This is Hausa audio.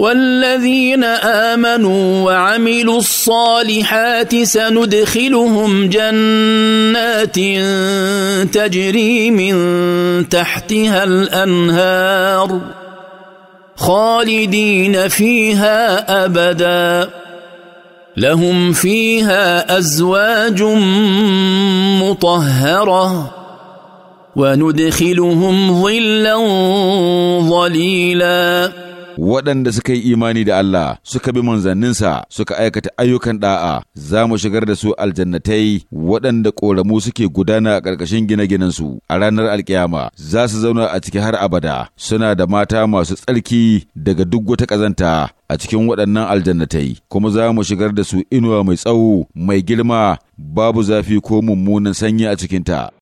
والذين امنوا وعملوا الصالحات سندخلهم جنات تجري من تحتها الانهار خالدين فيها ابدا لهم فيها ازواج مطهره وندخلهم ظلا ظليلا waɗanda suka yi imani da Allah suka bi manzanninsa suka aikata ayyukan ɗa'a za mu shigar da su aljannatai waɗanda ƙoramu suke gudana a ƙarƙashin gine-ginensu a ranar alkiyama za su zauna a ciki har abada suna da mata masu tsarki daga duk wata ƙazanta a cikin waɗannan aljannatai kuma za mu shigar da su inuwa mai tsawo mai girma babu zafi ko mummunan sanyi a cikinta.